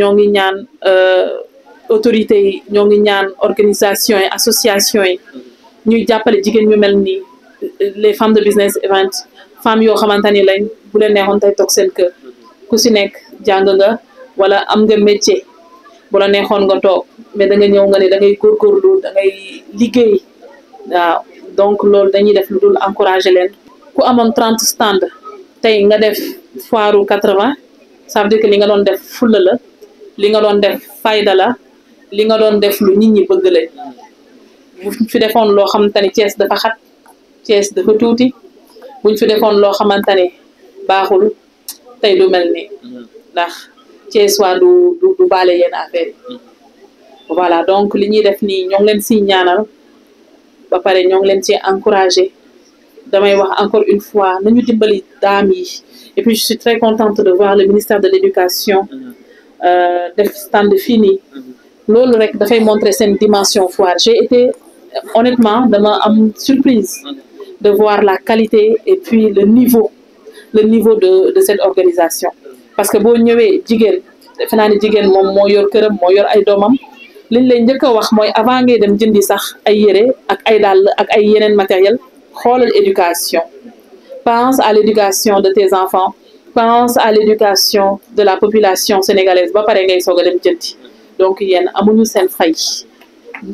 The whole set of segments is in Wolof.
ñoo ngi ñaan euh, autorités yi ñoo ngi ñaan organisation yi association yi ñuy jàppale jigéen ñu mel nii euh, les femmes de business event femmes yoo xamante ni lañ bu leen neexoon tey toog seen kër ku si nekk jàng nga wala am nga métier bu la neexoon nga toog mais da nga ñëw nga ne dangay ngay góorgóorlu da ngay liggéey waaw donc loolu dañuy def lu dul encourager leen ku amoon trente stand tey nga def foiru quatre-vingts ça veut dire que li nga doon def fulla la li nga doon def fayda la li nga doon def lu nit ñi bëgg la buñ fi defoon loo xamante ni Thiès dafa xat Thiès dafa tuuti buñ fi defoon loo xamante ni baaxul tey du mel ni ndax Thiès waa du bale du baale voilà donc li ñuy def nii ñoo leen siy ñaanal ba pare ñoo ngi leen ci encouragé damay wax encore une fois na ñu dimbali daam yi et puis je suis très contente de voir le ministère de l'éducation Euh, def stand fii nii loolu rek dafay montrer seen dimension foire j'ai été honnêtement dama am surprise de voir la qualité et puis le niveau le niveau de de cette organisation parce que boo ñëwee jigéen defe naa ne jigéen moom moo yor këram moo yor ay doomam liñ lay njëkk a wax mooy avant ngay dem jëndi sax ay yére ak ay dàll ak ay yeneen matériel xoolal éducation pense à l'éducation de tes enfants pense à l'éducation de la population sénégalaise ba pare ngay soog a dem jënti donc yéen amuñu seen fay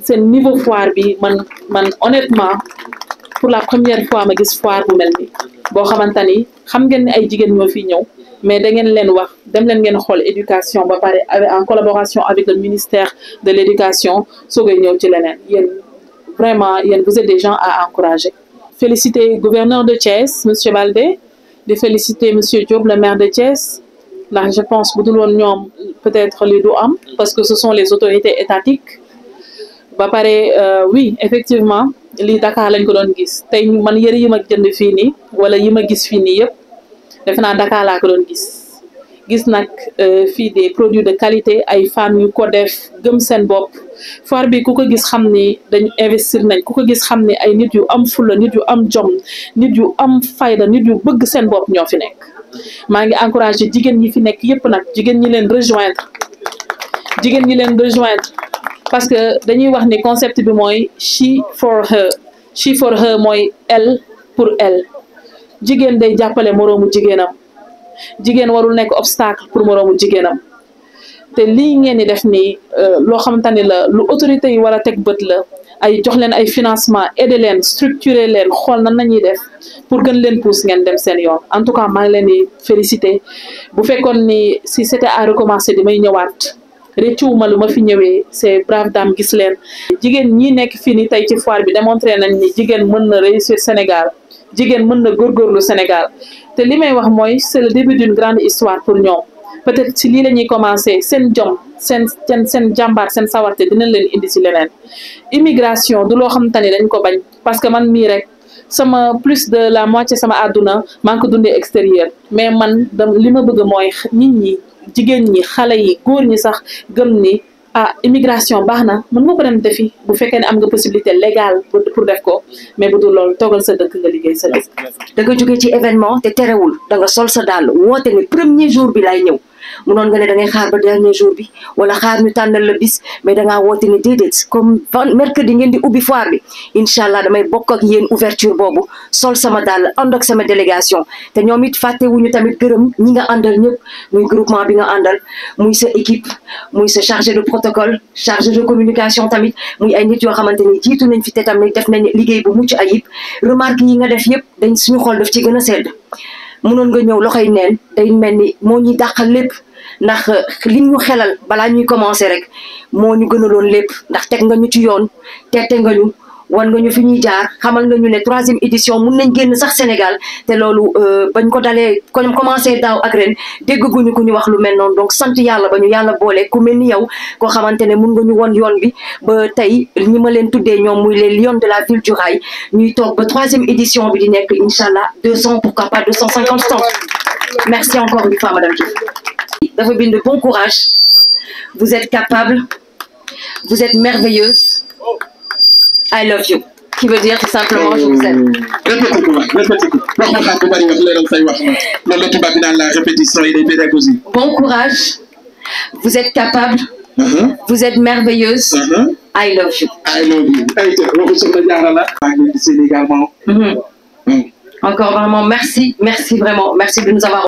seen niveau foire bi man man honnêtement pour la première fois ma gis foire bu mel ni boo xamante ni xam ngeen ne ay jigéen ñoo fi ñëw mais dangeen ngeen leen wax dem leen ngeen xool éducation ba pare en collaboration avec le ministère de l'éducation soogay ñëw ci leneen yéen vraiment yéen vous des gens à encourager féliciter gouverneur de Thiès monsieur di féliciter monsieur Diop le maire de Thiès ndax je pense bu dul ñoom peut-être li du am parce que ce sont les autorités étatiques ba pare euh, oui effectivement lii Dakar lañ ko doon gis tey man yëre yi a jënd fii nii wala yi ma gis fii nii yëpp defe naa Dakar laa ko doon gis gis nag euh, fii des produits de qualité ay femmes yu ko def gëm seen bopp foire bi ku ko gis xam ni dañ investir nañ ku ko gis xam ni ay nit yu am fulla nit yu am jom nit yu am fayda nit yu bëgg seen bopp ñoo fi nekk maa ngi encouragé jigéen ñi fi nekk yépp nag jigéen ñi leen rejoindre jigéen ñi leen rejoindre parce que dañuy wax ni concept bi mooy she for her she for her mooy elle pour elle jigéen day jàppale moroomu jigéenam jigéen warul nekk obstacle pour moroomu jigéenam te lii ngeen di def nii euh, loo xamante ni la lu autorité yi war a teg bët la ay jox leen ay financement aider leen structurer leen xool nan na ñuy def pour gën leen pousse ngeen dem seen yoon en tout cas maa ngi leen di féliciter bu fekkoon ni si c'était à recommencer di may ñëwaat réccuwuma lu ma fi ñëwee c'est brave gis leen jigéen ñi nekk fii ni tey ci foire bi démontré nañ ni jigéen mën na réussir Sénégal jigéen mën na góorgóorlu Sénégal te li may wax mooy c'est le début d'une grande histoire pour ñoom peut-être ci lii la ñuy commencer seen jom seen seen seen jàmbaar seen sawarte dinañ leen indi ci leneen immigration du loo xamante ni dañ ko bañ parce que man mii rek sama plus de la moitié sama àdduna maa ngi ko dundee extérieur mais man da li ma bëgg mooy nit ñi jigéen ñi xale yi góor ñi sax gëm ni ah immigration baax na mën nga ko dem defi bu fekkee ne am nga possibilité légal pour def ko mais bu dul loolu toogal sa dëkk nga liggéey sa dëkk. da nga jógee ci événement te terewul da sol sa dàll woote ne premier jour bi laay ñëw. mu noon nga ne da ngay xaar ba dernier jour bi wala xaar ñu tànnal la bis mais dangaa woote ne déedéet comme mercredi ngeen di ubbi foire bi incha allah damay bokk ak yéen ouverture boobu sol sama dàll ànd ak sama délégation te ñoom it fàttewuñu tamit gërëm ñi nga àndal ñëpp muy groupement bi nga àndal muy sa équipe muy sa chargé de protocole chargé de communication tamit muy ay nit yoo xamante ni jiitu nañ fi te tamit def nañ liggéey bu mucc ayib remarque yi nga def yëpp dañ suñu xool daf ci gën a sedd mënoon nga ñëw loxoy neen day mel ni moo ñuy dàqal lépp ndax euh, li ñu xelal balaa ñuy commencé rek moo ñu gënaloon lépp ndax teg nga ñu ci yoon teete nga ñu wan nga ñu fi ñuy jaar xamal nga ñu ne troisième édition mun nañ génn sax Sénégal te loolu euh, bañ ko dalee kon commencé daaw a ren dégguñu ku ñu wax lu mel noonu donc sant yàlla ba ñu yàlla boole ku mel ni yow koo xamante ne mun nga ñu won yoon bi ba tey ñi ma leen tuddee ñoom muy les lions de la ville du rail ñuy toog ba troisième édition bi di nekk incha allah deux cent pourquoi pas deux cent cinquante cent merci encore une madame Diouf bind bon courage vous êtes capable vous êtes I love you. qui veut dire tout simplement je vous aime. répété ko waay répété ko wax nga xam bu bëri wax leeral say wax bon courage. vous êtes capable. Uh-huh. vous êtes merveilleuse. Uh -huh. I love you. Mm-hmm. Mm. encore vraiment merci de nous avoir.